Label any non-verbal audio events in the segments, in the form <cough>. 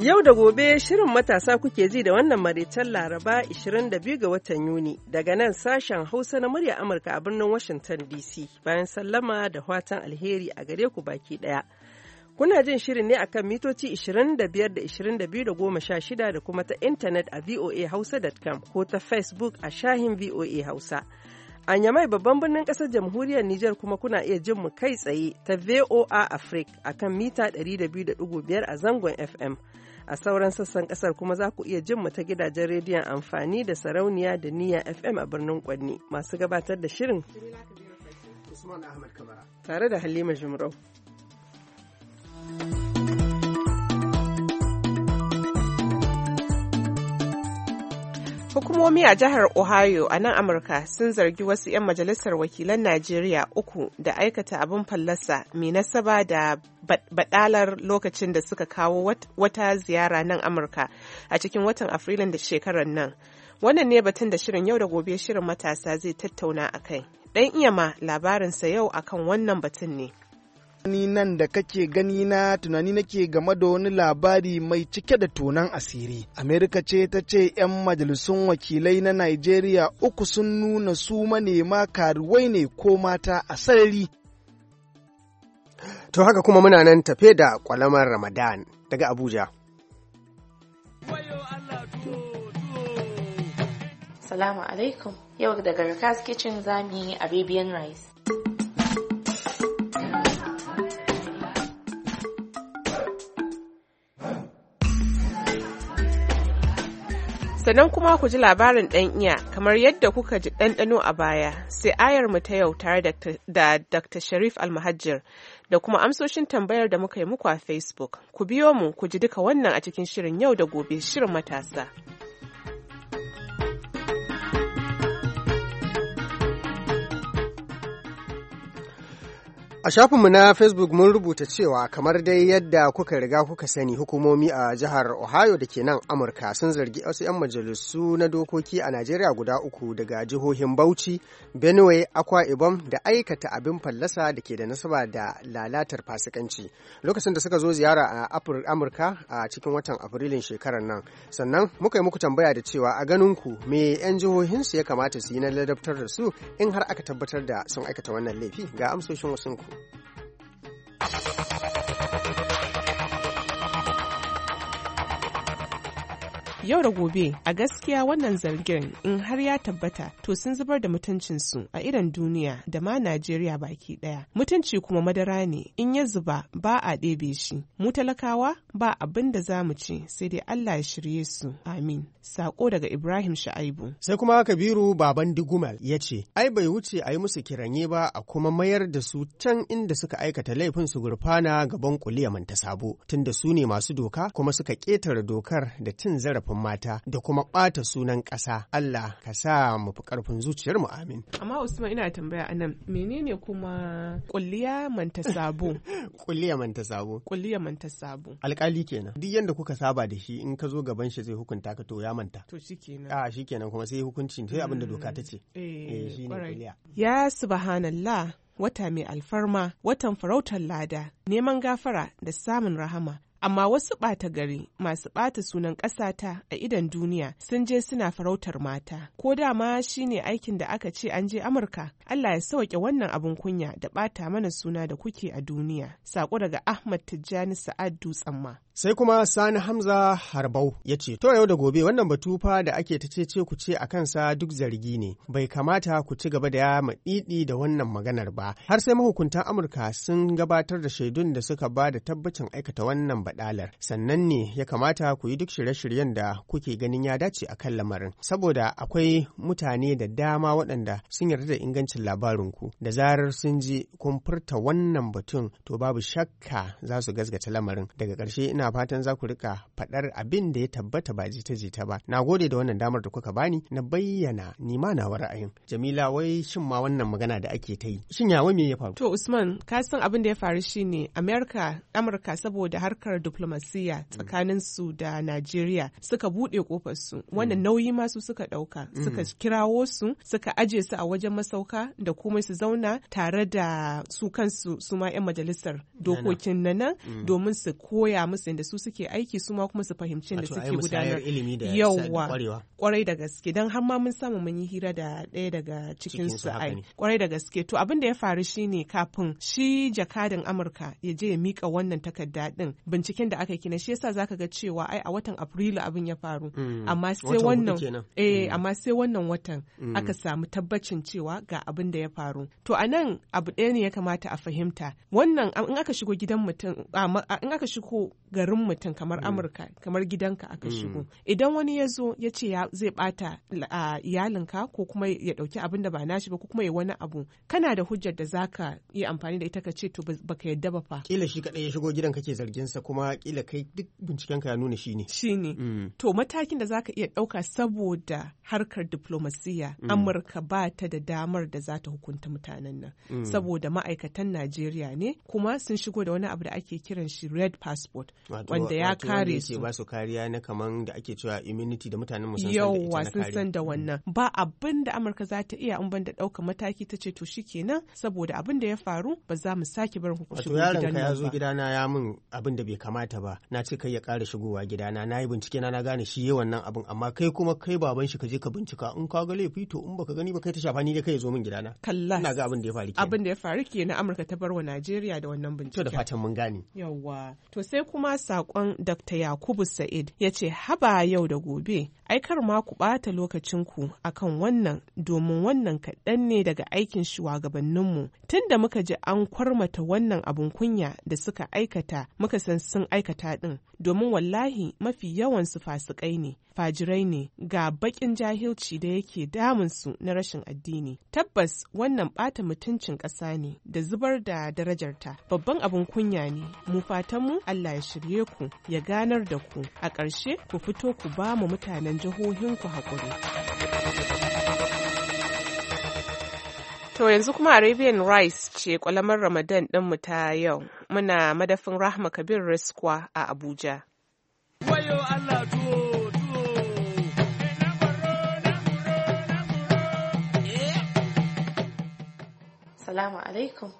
Yau da gobe shirin matasa kuke ji da wannan maraicen Laraba 22 ga watan Yuni daga nan sashen Hausa na murya Amurka a birnin Washington DC bayan sallama da watan alheri a gare ku baki daya. Kuna jin shirin ne akan mitoci 25 da 22 da kuma ta intanet a voahausa.com ko ta Facebook a shahin VOA Hausa. A Yamai babban birnin ƙasar jamhuriyar Nijar kuma kuna iya jin mu kai tsaye ta VOA Africa akan mita 200.5 a zangon FM. A sauran sassan kasar kuma za ku iya jin mu ta gidajen rediyon amfani da sarauniya da niyya FM a birnin Kwanni masu gabatar da shirin. Tare da Halima jimrau Hukumomi a jihar Ohio a nan Amurka sun zargi wasu 'yan majalisar wakilan Najeriya uku da aikata abin fallasa mai nasaba da baɗalar lokacin da suka kawo wata ziyara nan Amurka a cikin watan Afrilun da shekarar nan. Wannan ne batun da shirin yau da gobe shirin matasa zai tattauna a kai. Ɗan iya ma labarinsa yau akan wannan batun ne. Ni nan da kake gani na tunani nake game da wani labari mai cike da tunan asiri. Amerika ce ta ce 'yan majalisun wakilai na Najeriya uku sun nuna su manema karuwai ne ko mata a sarari. To haka kuma muna nan tafe da kwalamar Ramadan daga Abuja. Salamu alaikum, yau daga Rikas Kitchen zamu yi Arabian Rice. Sannan kuma ku ji labarin ɗan iya kamar yadda kuka ji ɗanɗano a baya sai ayar mu ta yau tare da Dr. Sharif Almahajir da kuma amsoshin tambayar da muka yi muku a Facebook. Ku biyo mu ku ji duka wannan a cikin shirin yau da gobe shirin matasa. A shafinmu na Facebook mun rubuta cewa kamar dai yadda kuka riga kuka sani hukumomi a jihar Ohio da ke nan Amurka sun zargi wasu 'yan majalisu na dokoki a Najeriya guda uku daga jihohin Bauchi, Benue, Akwa Ibom da aikata abin fallasa da ke da nasaba da lalatar fasikanci. Lokacin da suka zo ziyara a Amurka a cikin watan Afrilun shekarar nan. Sannan muka yi muku tambaya da cewa a ganin ku me 'yan jihohin su ya kamata su yi na ladabtar da su in har aka tabbatar da sun aikata wannan laifi ga amsoshin wasunku. アハハハハ Yau da gobe a gaskiya wannan zargin in har ya tabbata to sun zubar da mutuncinsu a irin duniya da ma Najeriya baki ɗaya. Mutunci kuma madara ne in ya zuba ba a ɗebe shi. Mu talakawa ba abin da za mu ce sai dai Allah ya shirye su. Amin. Sako daga Ibrahim Sha'aibu. Sai kuma Kabiru Baban Digumal ya ce, Ai bai wuce a yi musu kiranye ba a kuma mayar da su can inda suka aikata laifin su gurfana gaban kuliya manta sabo tunda su ne masu doka kuma suka ƙetara dokar da cin zarafin zarafin mata da kuma ɓata sunan ƙasa Allah ka sa mu fi ƙarfin zuciyar mu amin amma Usman ina tambaya anan menene kuma kulliya manta sabo kulliya <laughs> manta sabo kulliya manta sabo alƙali kenan duk yanda kuka saba da shi in ka zo gaban shi zai hukunta ka to ya manta to shikenan a ah, shikenan kuma sai hukuncin sai abin da doka ta ce mm, eh, eh ne kulliya ya subhanallah wata mai alfarma watan farautar lada neman gafara da samun rahama amma wasu ɓata gari masu ɓata sunan ƙasata a idan duniya sun je suna farautar mata ko dama shine aikin da aka ce an je amurka allah ya sauke wannan abin kunya da ɓata mana suna da kuke a duniya saƙo daga ahmad tijjani sa'ad dutsen ma Sai kuma Sani Hamza Harbau ya ce, To yau da gobe wannan batu fa da ake ta ce ku ce a kansa duk zargi ne, bai kamata ku ci gaba da maɗiɗi da wannan maganar ba, har sai mahukuntan Amurka sun gabatar da shaidun da suka ba da tabbacin aikata wannan baɗalar. Sannan ne ya kamata ku yi duk shirye-shiryen da kuke ganin ya dace a kan lamarin, saboda akwai mutane da dama waɗanda sun yarda da ingancin labarinku, da zarar sun ji kun furta wannan batun to babu shakka za su gazgata lamarin. Daga ƙarshe ina fatan za ku rika faɗar abin da ya tabbata ba jita-jita ba na gode da wannan damar da kuka bani na bayyana ni ma na ra'ayin jamila wai shin ma wannan magana da ake ta yi shin ya me ya faru to usman ka san abin da ya faru shine america amurka saboda harkar diplomasiya tsakanin su da najeriya suka buɗe kofar su wannan mm. nauyi ma su suka ɗauka mm. suka kirawo su suka aje su a wajen masauka da kuma su zauna tare da su kansu su ma 'yan majalisar dokokin na nan mm. domin su koya musu ministan da su suke aiki su ma kuma su fahimci da suke gudanar yawwa kwarai da gaske don har ma mun samu mun yi hira da ɗaya daga cikin su ai kwarai da gaske to abin da ya faru shine kafin shi jakadin Amurka ya je ya mika wannan takarda din binciken da aka kina shi yasa zaka ga cewa ai a watan Afrilu abin ya faru mm. amma sai wannan eh mm. amma sai wannan watan mm. aka samu tabbacin cewa ga abin da ya faru to a nan abu ɗaya ne ya kamata a fahimta wannan in aka shigo gidan mutum in aka shigo garin mutum kamar mm. amurka kamar gidanka aka mm. shigo idan wani ya zo ya ce zai bata a iyalinka ko kuma ya dauki abin da ba nashi ba ko kuma ya wani abu kana da hujjar da zaka yi amfani da ita ka ce to baka yadda ba fa kila shi kadai ya shigo gidan kake zargin sa kuma kila kai duk bincikenka ya nuna shi ne mm. to matakin da zaka iya dauka saboda harkar diplomasiya amurka ba ta da damar da za ta hukunta mutanen nan saboda ma'aikatan najeriya ne kuma sun shigo da wani abu da ake kiran shi red passport wanda ya kare su ba su kariya na kaman da ake cewa immunity da mutanen mu san da ita na sun san da wannan mm. ba abin da Amurka za ta iya in ban da ɗaukar mataki ta ce to shikenan saboda abin da ya faru ba za mu sake barin ku shigo gidan nan ba. Wato yaron ya zo gidana ya min abin da bai kamata ba na ce kai ya ƙara shigowa gidana na yi bincike na na gane shi yi wannan abin amma kai kuma kai baban shi ka je ka bincika in ka ga laifi to in baka gani ba kai ta shafa ni dai kai ya zo min gidana. Kallas. Ina ga abin da ya faru kenan. Abin da ya faru kenan Amurka ta bar wa Najeriya da wannan bincike. To da fatan mun gane. yawa to sai kuma saƙon Dr. Yakubu Sa'id ya ce haba yau da gobe, aikar ma ku ɓata lokacinku akan wannan domin wannan kaɗan ne daga aikin shugabanninmu. Tun da muka ji an kwarmata wannan abun kunya da suka aikata muka san sun aikata ɗin, domin wallahi mafi yawan su fasikai ne, fajirai ne, ga baƙin jahilci da yake damunsu na rashin addini. Tabbas wannan ɓata mutuncin ƙasa ne da zubar da darajarta babban abin kunya ne, mu fatanmu Allah ya shirya. shirye ku ya ganar da ku a ƙarshe ku fito ku ba mu mutanen jihohinku haƙuri. To yanzu kuma Arabian Rice ce kwalamar Ramadan mu ta yau. Muna madafin Rahma Kabir Riskwa a Abuja. Salamu alaikum.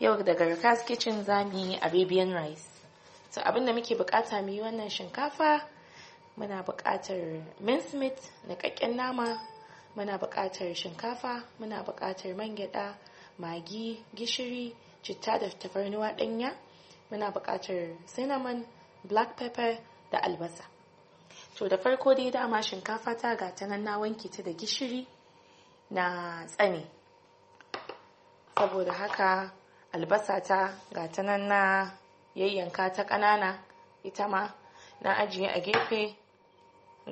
Yau daga Rakas Kitchen za yi Arabian Rice. To abin da muke bukata mu wannan shinkafa muna bukatar mincemeat na kakken nama muna bukatar shinkafa muna bukatar man gyada magi gishiri citta da tafarnuwa danya muna bukatar cinnamon black pepper da albasa to da farko dai dama shinkafa ta ga ta nan na wanke ta da gishiri na tsane saboda haka albasa ta ga ta nan na yayyanka ta ƙanana ita ma na ajiye a gefe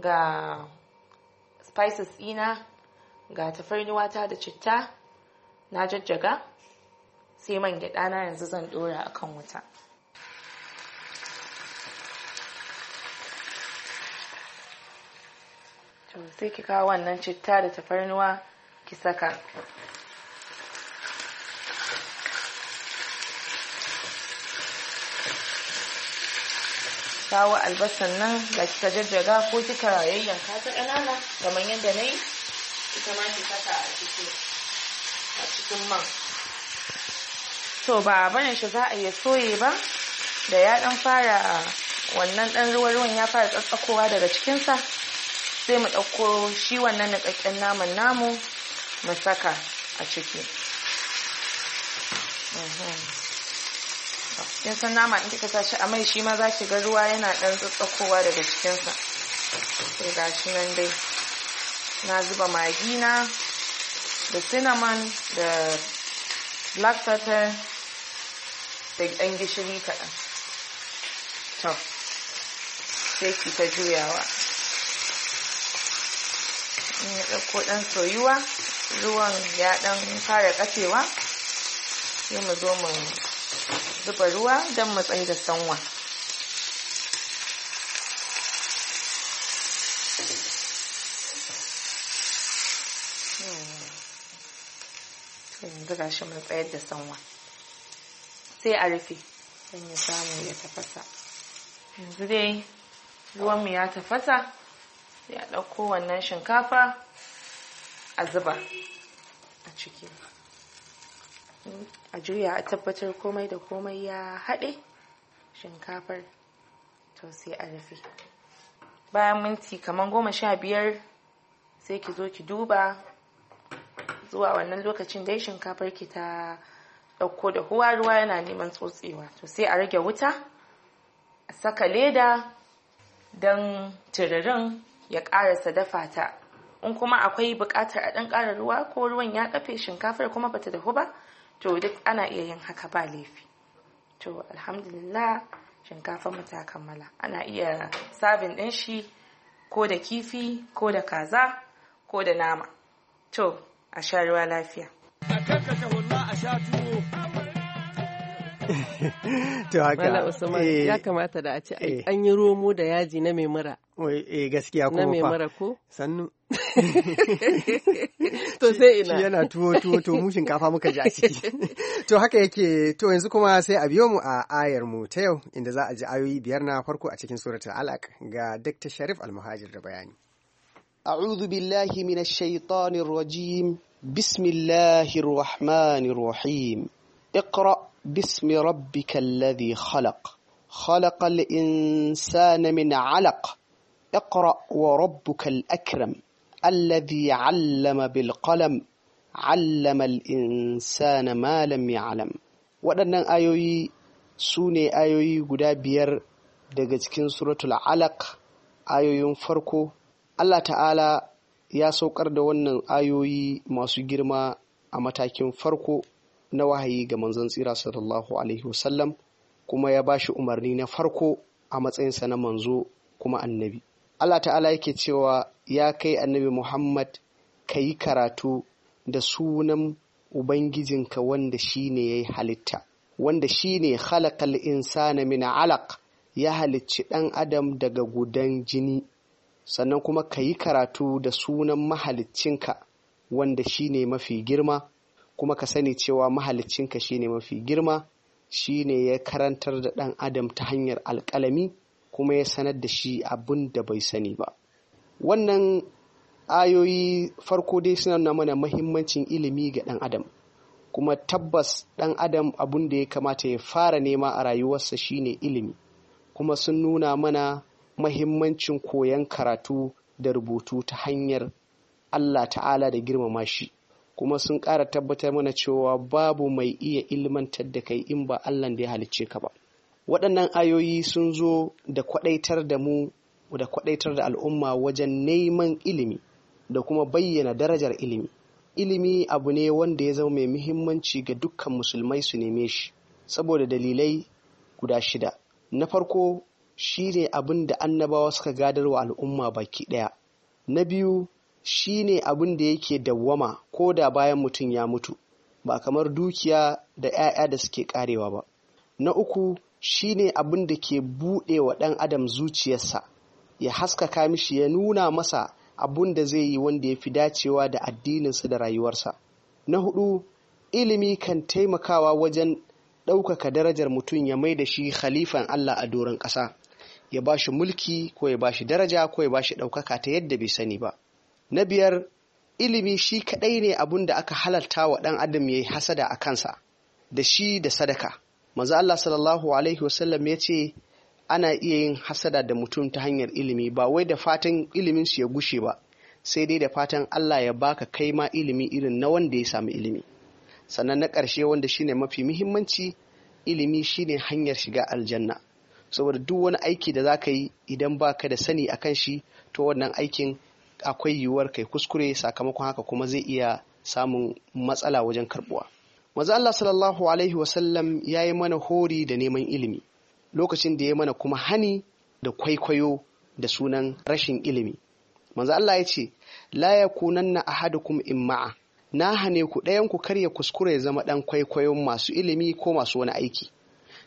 ga spices ina ga tafarnuwata da citta na jajjaga sai man gyaɗa na yanzu zan ɗora a kan wuta to sai ki kawo wannan citta da tafarnuwa ki saka kawo albasan nan da kika jajjaga ko kika yayyanka ta ƙanana kamar yadda na yi ita ma ki saka a cikin a cikin man to ba bane shi za a iya soye ba da ya dan fara wannan ɗan ruwa-ruwan ya fara tsatsakowa daga cikin sa sai mu ɗauko shi wannan niƙaƙƙen naman namu mu saka a ciki. kin san nama in kika tashi a mai shi ma za ki ga ruwa yana dan tsatsakowa daga cikinsa sai ga shi nan dai na zuba magi na da cinnamon da black pepper da ɗan gishiri kaɗan to sai ki ta juyawa in ya ɗauko ɗan soyuwa ruwan ya ɗan fara ƙafewa sai mu zo mu zuba ruwa don matsayi da sanwa yanzu ga shi tsayar da sanwa sai a rufe don ya samu ya tafasa yanzu dai ruwanmu ya tafasa ya ɗauko wannan shinkafa a zuba a ciki a juya a tabbatar komai da komai ya haɗe shinkafar to sai a rufe bayan minti kamar goma sha biyar sai ki zo ki duba zuwa wannan lokacin dai shinkafar ki ta ɗauko da huwa ruwa yana neman tsotsewa to sai a rage wuta a saka leda don tururin ya ƙarasa dafa ta in kuma akwai buƙatar a ɗan ƙara ruwa ko ruwan ya ƙafe shinkafar kuma bata dahu ba to duk ana iya yin haka ba laifi to alhamdulillah shinkafa mu ta kammala ana iya sabin din shi ko da kifi ko da kaza ko da nama to a sha lafiya a to haka Usman eh, ya kamata da a ce eh. an yi romo da yaji na mai mura eh gaskiya ko na mai ko sannu <laughs> to sai ina yana tuwo tuwo to mu shinkafa muka ji a ciki <laughs> to haka yake to yanzu kuma sai a biyo mu a ayar mu ta yau inda za a ji ayoyi biyar na farko a cikin suratul alaq ga Dr. Sharif Almuhajir da bayani أعوذ بالله من الشيطان الرجيم بسم الله الرحمن الرحيم اقرأ باسم ربك الذي خلق خلق الإنسان من علق اقرأ وربك الأكرم الذي علم بالقلم علم الإنسان ما لم يعلم waɗannan ayoyi su ne ayoyi guda biyar daga cikin suratul alaq ayoyin farko Allah ta'ala ya saukar da wannan ayoyi masu girma a matakin farko na wahayi ga manzon tsira sallallahu alaihi wasallam kuma ya bashi umarni na farko a matsayinsa na manzo kuma annabi Allah ta'ala yake cewa ya kai annabi Muhammad ka yi karatu da sunan Ubangijinka wanda shine ne ya yi halitta, wanda shine ne halakal insana min alaq ya halicci ɗan adam daga gudan jini, sannan kuma ka yi karatu da sunan mahaliccinka wanda shine mafi girma kuma ka sani cewa mahaliccinka shine mafi girma shine ya karantar da ɗan adam ta hanyar alƙalami kuma ya sanar da shi abin da bai sani ba wannan ayoyi farko dai suna nuna mana mahimmancin ilimi ga ɗan adam kuma tabbas ɗan adam abin da ya kamata ya fara nema a rayuwarsa shine ilimi kuma sun nuna mana mahimmancin koyon karatu da rubutu ta hanyar Allah ta'ala da girmama shi kuma sun ƙara tabbatar mana cewa babu mai iya ilmantar da kai in ba Allah da ya halicce ka ba waɗannan ayoyi sun zo da kwaɗaitar da mu da kwaɗaitar da al'umma wajen neman ilimi da kuma bayyana darajar ilimi ilimi abu ne wanda ya zama mai muhimmanci ga dukkan musulmai su neme shi saboda dalilai guda shida na farko shi ne abin da annabawa suka gadarwa al'umma baki ɗaya na biyu shi ne abin da yake dawwama ko da bayan mutum ya mutu ba kamar dukiya da 'ya'ya da suke karewa ba na uku shi ne abin da ke buɗe wa ɗan adam zuciyarsa ya haskaka mishi ya nuna masa abin da zai yi wanda ya fi dacewa da addininsa da rayuwarsa na hudu ilimi kan taimakawa wajen ɗaukaka darajar mutum ya mai da shi khalifan Allah a doron ƙasa ya ba shi mulki ko ya ba shi daraja ko ya ba shi ɗaukaka ta yadda bai sani ba na biyar ilimi shi kaɗai ne abun da aka halarta wa ɗan adam ya yi hasada a kansa da shi da sadaka maza Allah sallallahu alaihi wasallam ya ce ana iya yin hasada da mutum ta hanyar ilimi ba wai da fatan ilimin su ya gushe ba sai dai da fatan Allah ya baka kai ma ilimi irin na wanda ya sami ilimi sannan na ƙarshe wanda shine mafi muhimmanci ilimi shine hanyar shiga aljanna saboda duk wani aiki da za ka yi idan baka da sani akan shi to wannan aikin akwai yiwuwar kai kuskure sakamakon haka kuma zai iya samun matsala wajen karbuwa maza Allah sallallahu alaihi wasallam ya yi mana hori da neman ilimi lokacin da ya mana kuma hani da kwaikwayo da sunan rashin ilimi maza Allah ya ce la ya yakunanna ahadukum imma'a na hane ku ɗayan ku karya kuskure zama ɗan kwaikwayon masu ilimi ko masu wani aiki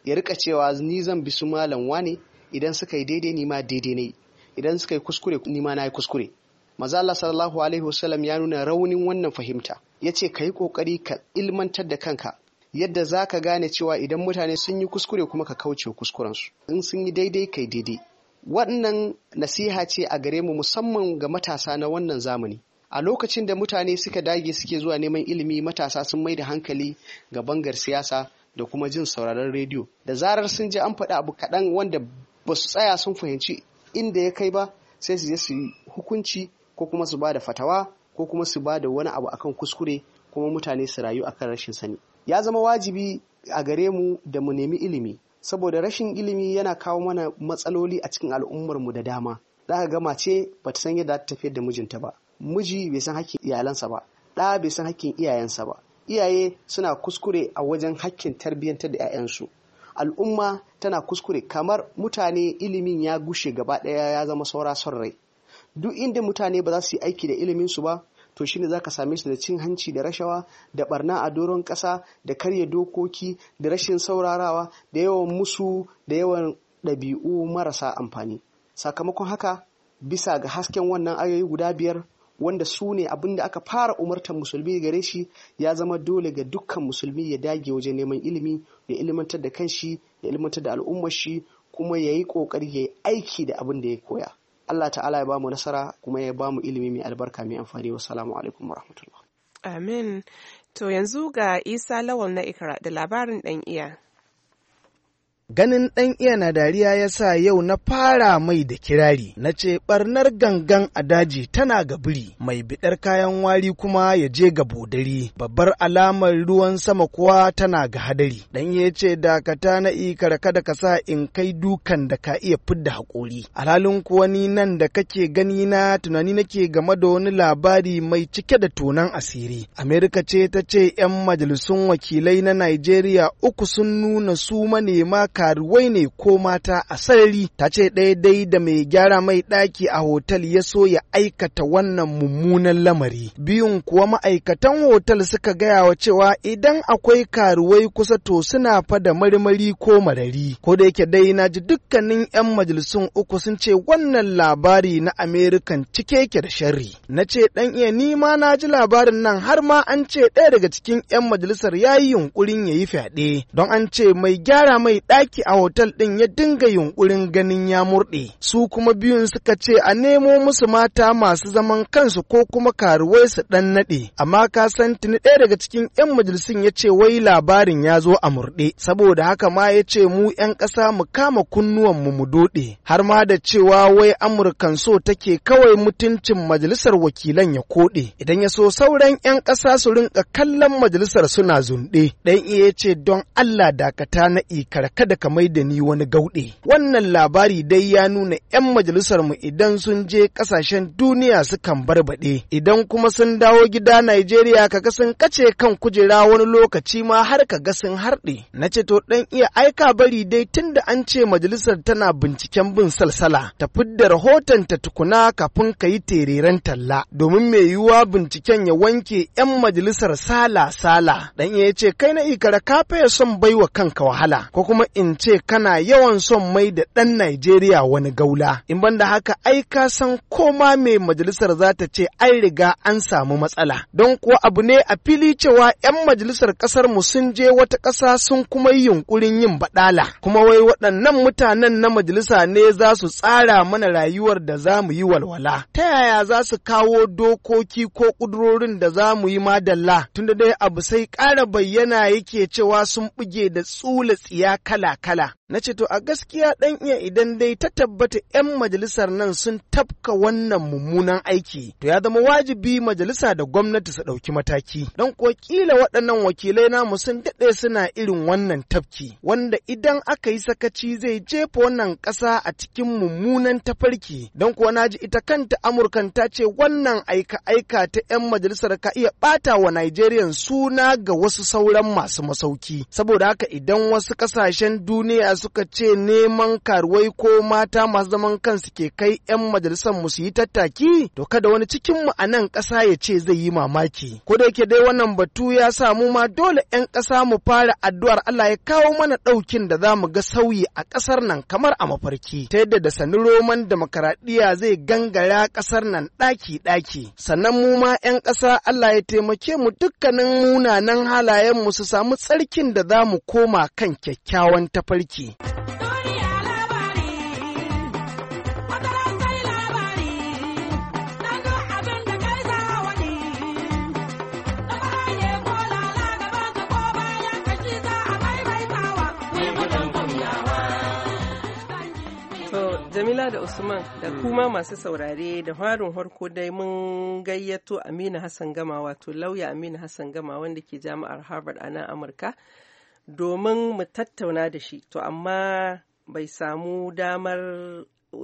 ya rika cewa ni zan bi su malam wane idan suka yi daidai ni ma daidai ne idan suka yi kuskure ni ma na yi kuskure maza Allah sallallahu alaihi wasallam ya nuna raunin wannan fahimta ya ce ka yi ƙoƙari ka ilmantar da kanka yadda za ka gane cewa idan mutane sun yi kuskure kuma ka kauce kuskurensu in sun yi daidai kai daidai wannan nasiha ce a gare mu musamman ga matasa na wannan zamani a lokacin da mutane suka dage suke zuwa neman ilimi matasa sun mai da hankali ga bangar siyasa da kuma jin sauraron rediyo da zarar sun ji an faɗi abu kaɗan wanda ba su tsaya sun fahimci inda ya kai ba sai su je su yi hukunci ko kuma su ba da fatawa ko kuma su ba da wani abu akan kuskure kuma mutane su rayu akan rashin sani ya zama wajibi a gare mu da mu nemi ilimi saboda rashin ilimi yana kawo mana matsaloli a cikin al'ummar mu da dama za ka ga mace ba ta san yadda ta tafiyar da mijinta ba miji bai san hakkin iyalansa ba ɗa bai san hakkin iyayensa ba iyaye suna kuskure a wajen hakkin tarbiyyantar da 'ya'yansu al'umma tana kuskure kamar mutane ilimin ya gushe gaba ɗaya ya zama saura son rai duk inda mutane ba za su yi aiki da ilimin su ba to shine zaka same su da cin hanci da rashawa da barna a doron ƙasa da karya dokoki da rashin saurarawa da yawan musu da yawan ɗabi'u marasa amfani sakamakon haka bisa ga hasken wannan ayoyi guda biyar wanda su ne abin da aka fara umartar musulmi gare shi ya zama dole ga dukkan musulmi ya dage wajen neman ilimi ya ilimantar da kanshi ya ilimantar da al'ummar shi kuma ya yi ƙoƙari ya yi aiki da abin da ya koya Allah ta'ala ya ba mu nasara kuma ya ba mu ilimi mai albarka mai amfani salamu alaikum warahmatullahi amin to yanzu ga isa lawal na ikra da labarin ɗan iya Ganin ɗan iya na dariya ya sa yau na fara mai da kirari, na ce ɓarnar gangan a daji tana ga biri, mai biɗar kayan wari kuma ya je ga bodari, babbar alamar ruwan sama kuwa tana ga hadari. Ɗan ya ce dakata na ikar kada ka sa in kai dukan da ka iya fidda haƙori. Alhalin kuwa ni nan da kake gani na tunani nake game da wani labari mai cike da tonan asiri. Amerika ce ta ce 'yan majalisun wakilai na Najeriya uku sun nuna su manema karuwai ne ko mata a sarari ta ce ɗaya dai da mai gyara mai ɗaki a hotel ya so ya aikata wannan mummunan lamari biyun kuwa ma'aikatan hotel suka gaya wa cewa idan akwai karuwai kusa to suna fa da marmari ko marari ko da yake dai na ji dukkanin 'yan majalisun uku sun ce wannan labari na american cike ke da sharri na ce dan iya ni ma na ji labarin nan har ma an ce ɗaya daga cikin 'yan majalisar ya yi yunkurin ya yi fyaɗe don an ce mai gyara mai ɗaki aiki a hotel ɗin ya dinga yunkurin ganin ya murɗe. Su kuma biyun suka ce a nemo musu mata masu zaman kansu ko kuma karuwai su ɗan naɗe. Amma ka san tuni ɗaya daga cikin 'yan majalisun ya ce wai labarin ya zo a murɗe. Saboda haka ma ya ce mu 'yan ƙasa mu kama kunnuwan mu mu doɗe. Har ma da cewa wai Amurkan so take kawai mutuncin majalisar wakilan ya koɗe. Idan ya so sauran 'yan ƙasa su rinka kallon majalisar suna zunɗe. Ɗan iya ce don Allah dakata na ikar kada ka mai da ni wani gauɗe. Wannan labari dai ya nuna 'yan majalisar mu idan sun je ƙasashen duniya sukan barbaɗe, idan kuma sun dawo gida Najeriya ka ga sun kace kan kujera wani lokaci ma har ka ga sun harɗe. Na ce to ɗan iya aika bari dai tunda an ce majalisar tana binciken bin salsala ta fidda rahoton ta tukuna kafin ka yi tereren talla domin mai yiwuwa binciken ya wanke 'yan majalisar sala sala. Dan iya ce kai na ikara kafa ya son baiwa kanka wahala ko kuma in in ce kana yawan son mai da ɗan Najeriya wani gaula. In banda haka ai ka san koma mai majalisar za ta ce ai riga an samu matsala. Don kuwa abu ne a fili cewa 'yan majalisar ƙasar mu sun je wata ƙasa sun kuma yi yunkurin yin baɗala. Kuma wai waɗannan mutanen na majalisa ne za su tsara mana rayuwar da za mu yi walwala. Ta yaya za su kawo dokoki ko ƙudurorin da za mu yi madalla tunda dai abu sai ƙara bayyana yake cewa sun buge da tsula tsiya kala kala na ce to a gaskiya ɗan iya idan dai ta tabbata 'yan majalisar nan sun tafka wannan mummunan aiki to ya zama wajibi majalisa da gwamnati su ɗauki mataki don ko kila waɗannan wakilai namu sun daɗe suna irin wannan tafki wanda idan aka yi sakaci zai jefa wannan ƙasa a cikin mummunan tafarki don kuwa na ji ita kanta amurkan ta ce wannan aika-aika ta 'yan majalisar ka iya ɓata wa Nigerian suna ga wasu sauran masu masauki saboda haka idan wasu ƙasashen duniya suka ce neman karuwai ko mata masu zaman kansu ke kai 'yan majalisar mu su yi tattaki to kada wani cikin mu a nan ƙasa ya ce zai yi mamaki ko da yake dai wannan batu ya samu ma dole 'yan ƙasa mu fara addu'ar Allah ya kawo mana ɗaukin da za mu ga sauyi a ƙasar nan kamar a mafarki ta yadda da sani roman demokaradiyya zai gangara ƙasar nan ɗaki-ɗaki sannan mu ma 'yan ƙasa Allah ya taimake mu dukkanin munanan halayen mu su samu tsarkin da za mu koma kan kyakkyawan tafarki labari. Jamila da Usman da mm. kuma masu saurare da harin harko dai mun gayyato Aminu Hassan Gama wato lauya Aminu Hassan Gama wanda ke jami'ar Harvard a nan Amurka domin mu tattauna da shi to amma bai samu damar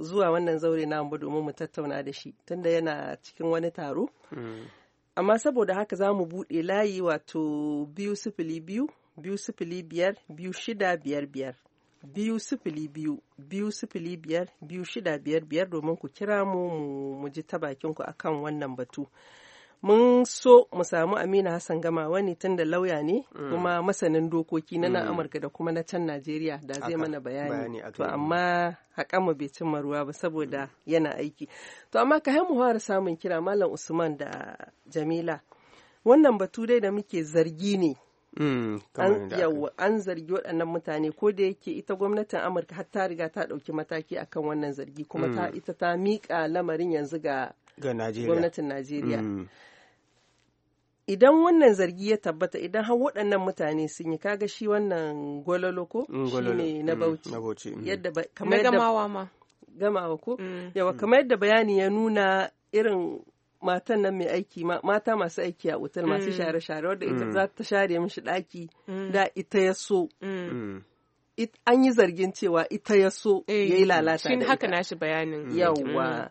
zuwa wannan zaure na ba domin mu tattauna da shi tunda yana cikin wani taro hmm. amma saboda haka za mu buɗe layi wato biyu sifili biyu biyu sifili biyar biyu shida biyar biyar biyu sifili biyu biyu sifili biyar biyu shida biyar biyar domin ku kira mu mu ji ta bakinku akan wannan batu. mun so mu samu amina hassan gama wani tun da lauya ne mm. kuma masanin dokoki na nan mm. amurka da kuma na can najeriya da zai mana bayani to amma mu bai cimma ruwa ba saboda mm. yana aiki to amma ka mu fara samun kira malam usman da jamila wannan batu dai da muke zargi ne an zargi waɗannan mutane ko da yake ita gwamnatin amurka har ta riga ta ɗauki mataki akan wannan zargi kuma ita ta miƙa lamarin yanzu ga gwamnatin najeriya idan wannan zargi ya tabbata idan har waɗannan mutane sun yi kaga shi wannan gwalolo ko mm, shine mm, na bauchi mm. yadda kamar yadda gamawa ma gamawa ko yawa kamar yadda bayani ya nuna irin matan nan mai aiki mata masu aiki a otal masu share-share wadda ita za ta share mishi ɗaki da ita ya so an yi zargin cewa ita ya so eh. ya yi lalata da ita. haka nashi bayanin. Yawwa.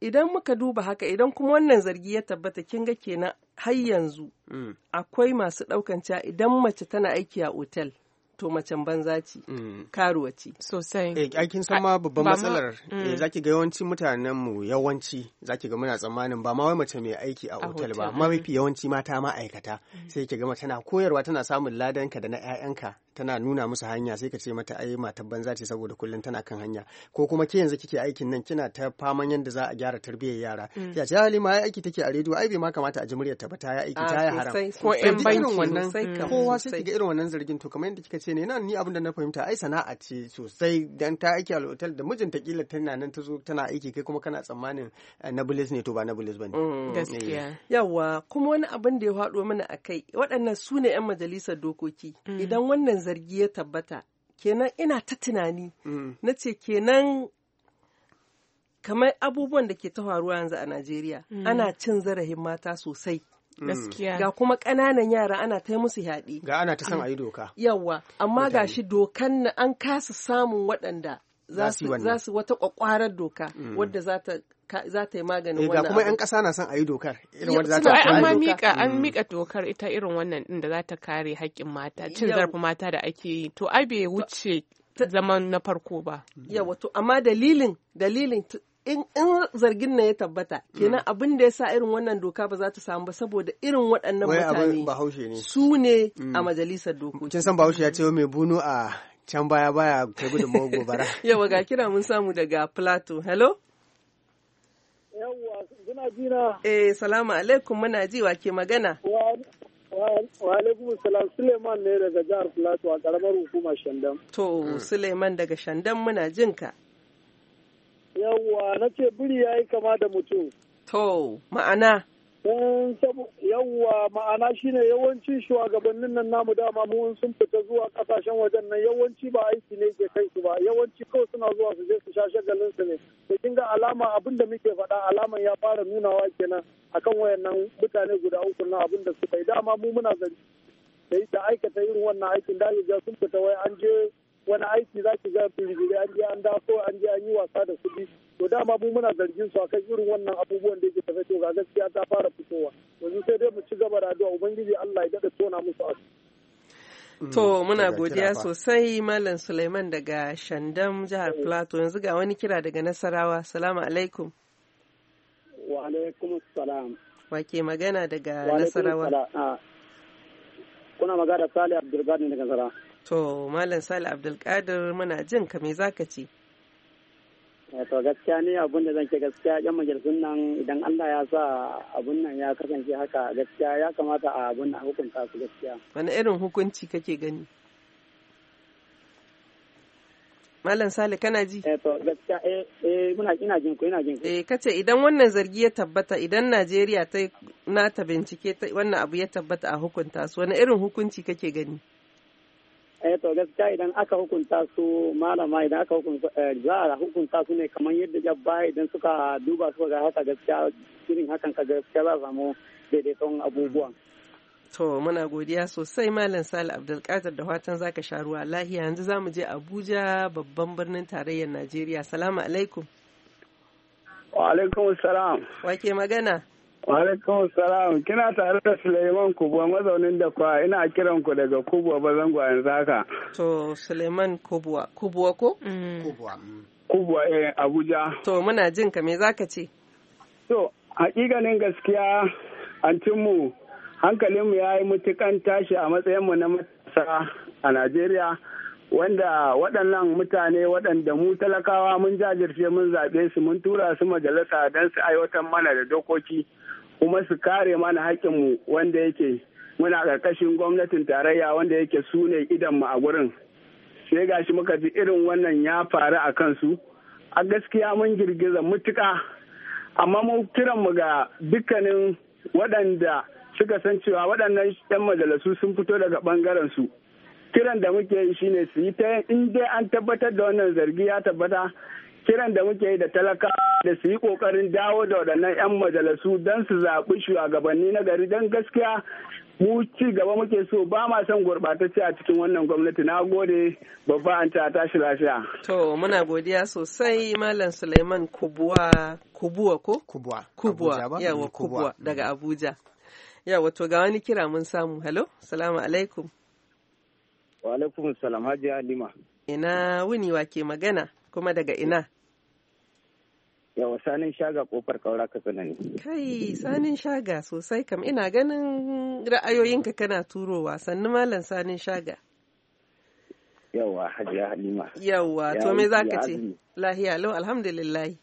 idan muka duba haka idan kuma wannan zargi ya tabbata kin ga kenan har yanzu mm. akwai masu ɗaukan cewa idan mace tana aiki a otel to macen banza ce mm. karuwa ce sosai eh kin san ma babban matsalar mm. eh zaki ga yawanci mutanen mu yawanci zaki ga muna tsammanin ba ma wai mace mai aiki a otal ba mafi yawanci mata ma'aikata sai ki ga tana koyarwa tana samun ladanka da na 'ya'yanka tana nuna musu hanya sai ka ce mata ai matan banza ce saboda kullum tana kan hanya ko kuma ke yanzu kike aikin nan kina ta faman yadda za a gyara tarbiyyar yara mm. ya ce halima ai aiki take a rediyo ai bai ma kamata a ji muryar ta ba ta yi aiki ah, ta yi haram ko in banki wannan mm. kowa sai kiga irin wannan zargin to kamar yadda kika ce ne nan ni abin na fahimta ai sana'a ce sosai dan ta aiki a hotel da mijin ta kila tana nan ta zo tana aiki kai kuma kana tsammanin eh, na bilis ne to ba na bilis bane mm, eh. gaskiya yawa kuma wani abin da ya faɗo mana akai waɗannan su ne 'yan majalisar dokoki idan wannan zargi ya tabbata kenan ina ta tunani mm. na ce kenan kamar abubuwan da ke ta faruwa yanzu a Najeriya mm. ana cin zarafin mata sosai mm. gaskiya ga kuma ƙananan yara ana ta musu yaɗi ga ana ta san a yi doka yawa amma ga shi dokan na an kasa samun waɗanda za su wata ƙwaƙwarar doka wadda za ta za ta yi maganin eh, wannan. kuma 'yan ƙasa na son a yi dokar irin wanda za ta kare an mika mm. an mika dokar ita irin wannan din da za ta kare haƙƙin mata cin zarafin mata da ake yi to ai bai wuce zaman na farko ba. Yawa to amma dalilin dalilin in zargin na ya tabbata mm. kenan abin da ya sa irin wannan doka ba za ta samu ba saboda irin waɗannan mutane su ne mm. a majalisar dokoki. Kin san Bahaushe ya ce mai bunu a can baya baya kai gudun gobara. <laughs> Yawa ga kira mun samu daga Plato. Hello? Kuna jina? Eh, salamu alaikum muna ji wa ke magana. Wa alaikum salam Suleiman ne daga jihar Filato a karamar hukuma Shandam. To, hmm. Suleiman daga Shandam muna jin ka. Yawwa, na ce biri ya yi kama da mutum. To, ma'ana? Eh, yawwa ma'ana shine yawanci shugabannin nan namu dama mu sun fita zuwa kasashen wajen nan yawanci ba aiki ne ke kai su ba yawanci kawai suna zuwa su je su sha shagalin su ne to kin ga alama abinda muke faɗa alaman ya fara nunawa kenan akan wayannan mutane guda uku na abin da suka yi dama mu muna zance da aikata irin wannan aikin da sun fita wai an je wani aiki za ki ga an je an dafo an je an yi wasa da kuɗi to dama mu muna zargin su akan irin wannan abubuwan da yake tafe to ga gaskiya ta fara fitowa yanzu sai dai mu ci gaba da addu'a ubangiji Allah ya daɗa tona musu asu mm, To muna godiya sosai Malam Suleiman daga Shandam jihar mm. Plateau yanzu ga wani kira daga Nasarawa. Salamu alaikum. Wa alaikum salam. Wake magana daga Nasarawa. Ah. Kuna magana Sali Abdulgani daga Nasarawa. To Malam Sale Abdulkadir muna jin ka me zaka ce? Eh, to gaskiya ne abun da zan ce gaskiya yan majalisun nan idan Allah ya sa abun nan ya kasance haka gaskiya ya kamata a abun nan hukunta su gaskiya. Wani irin hukunci kake gani? Malam Sale kana ji? Eh to gaskiya eh eh muna ina jin ku ina jin ku. Eh kace idan wannan zargi ya tabbata idan Najeriya ta ta bincike wannan abu ya tabbata a hukunta su wani irin hukunci kake gani? eh to gaskiya idan aka hukunta su malama idan aka hukunta eh, za a hukunta su ne kamar yadda jabba idan suka duba suka ga haka gaskiya irin hakan ka gaskiya za samu daidaiton abubuwan To muna godiya sosai Malam Sale Abdulkadir da watan zaka sha ruwa lahiya yanzu za mu je Abuja babban birnin tarayyar Najeriya. Salamu alaikum. Wa alaikum salam. Wake magana? Walaikun salam kina tare da Suleiman Kubwa mazaunin da kwa ina kiran ku daga Kubwa bazango yanzu haka. To Suleiman Kubwa Kubwa ko? Kubwa. Mm. Kubwa mm. eh Abuja. To muna jin ka me zaka ce? To hakikanin gaskiya mu hankalinmu ya yi mutukan tashi a matsayin matsayinmu na matasa a Najeriya wanda waɗannan mutane waɗanda mu talakawa mun jajirce mun zaɓe su mun tura su majalisa don su aiwatar mana da dokoki kuma su kare mana haƙƙinmu wanda yake muna ƙarƙashin gwamnatin tarayya wanda yake su ne idanmu a gurin sai gashi muka ji irin wannan ya faru a kansu a gaskiya mun girgiza mutuka amma mun kiranmu ga dukkanin waɗanda suka san cewa waɗannan 'yan majalisu sun fito daga ɓangaren su kiran da muke yi shine su yi ta in dai an tabbatar da wannan zargi ya tabbata kiran da muke yi da talaka da su yi kokarin dawo da waɗannan 'yan majalisu don su zaɓi shugabanni na gari don gaskiya mu ci gaba muke so ba ma son gurɓatacce a cikin wannan gwamnati na gode babba an ta tashi lafiya. To muna godiya sosai Malam Suleiman Kubuwa Kubuwa ko? Kubuwa. Kubuwa yawa Kubuwa mm-hmm. daga Abuja. Yawa to ga wani kira mun samu Hello, salamu alaikum. Wa alaikum salam Hajiya Halima. Ina wuni wa magana kuma daga ina? yawa sanin shaga kofar kaura ka tsanani kai sanin shaga sosai kam ina ganin ra'ayoyinka kana turowa sannu malam sanin shaga yawa hajiya halima yawa to me za ka ce lahiya lau alhamdulillah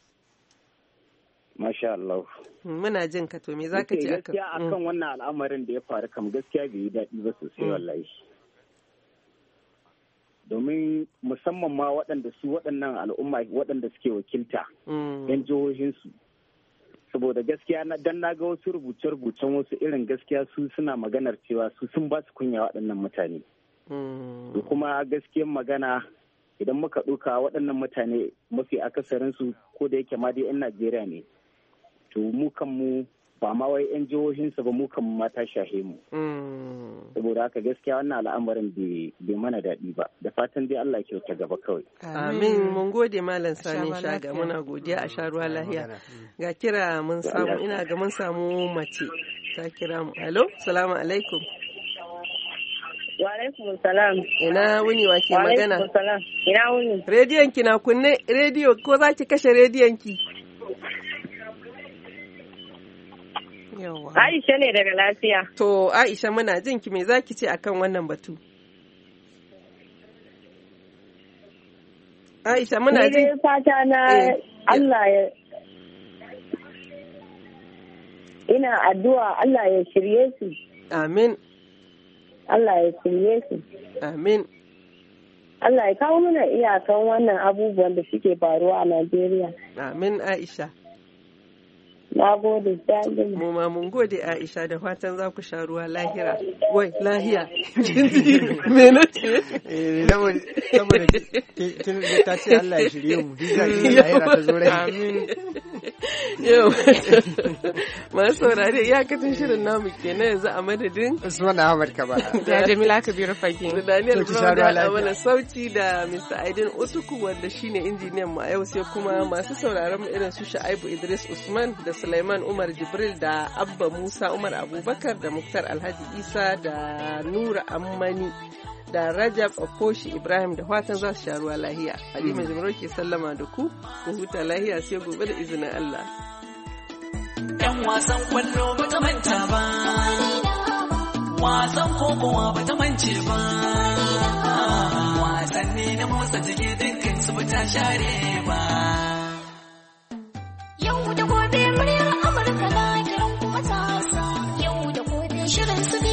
Masha Allah. Hmm, muna jin ka to me za ka ce akan? Gaskiya akan hmm. wannan al'amarin da ya faru kam gaskiya bai yi daɗi ba sosai hmm. wallahi. domin musamman ma waɗanda su waɗannan al'umma waɗanda suke wakilta mm. 'yan jihohinsu saboda gaskiya na dan na ga wasu rubuce-rubucen wasu irin gaskiya su suna maganar cewa su sun ba su kunya waɗannan mutane mm. da kuma gaskiyan magana idan muka ɗauka waɗannan mutane mafi akasarinsu ko da yake ma dai 'yan najeriya ne to mu kanmu ba ma wai yan jihohinsu ba mu kan mata shahe mu mm. saboda haka gaskiya wannan al'amarin bai mana daɗi ba da fatan dai Allah ta gaba kawai amin mun gode malam sani shaga muna godiya a sha ruwa lahiya mm. ga kira mun samu ina ga mun samu mace ta kira mu alo salamu alaikum wa alaikum salam ina wuni wa ke magana ina wuni rediyon ki na kunne rediyo ko za ki kashe rediyon ki Aisha ne daga lafiya. To Aisha muna jin ki me za ki ce akan wannan batu? Aisha muna jin. Ni fata na eh. Allah ya ina addu'a Allah ya shirye su. Amin. Allah ya shirye su. Amin. Allah ya kawo mana iyakan wannan abubuwan da suke faruwa a Najeriya. Amin Aisha. Na gode, Mu ma mun gode Aisha da fatan za ku sha ruwa lahira. Wai, lahiya. <laughs> Me na ce? Eh, saboda ta ce Allah ya shirye mu. Hijira lahira ta zo rai. Amin. yau <laughs> masu saurare katin shirin namu na yanzu a madadin usman ahmad kaba <laughs> da jamila kabiru fage da daniel brown da mana sauti da mr aidin utuku wanda shine injiniyan mu a yau sai kuma masu sauraron mu irin su sha'aibu idris usman da sulaiman umar jibril da abba musa umar abubakar da muktar alhaji isa da nura ammani da Rajab Okoshi Ibrahim da fatan za su sha ruwa lahiya. Halima mm. Jumro ke sallama da ku, ku huta lahiya sai gobe da izinin Allah. Yan wasan kwallo ba ta manta ba, wasan kokowa ba ta mance ba, ne na motsa jike dukkan su ba ta share ba. Yau da gobe muryar Amurka na kiran kuma ta yau da gobe shirin su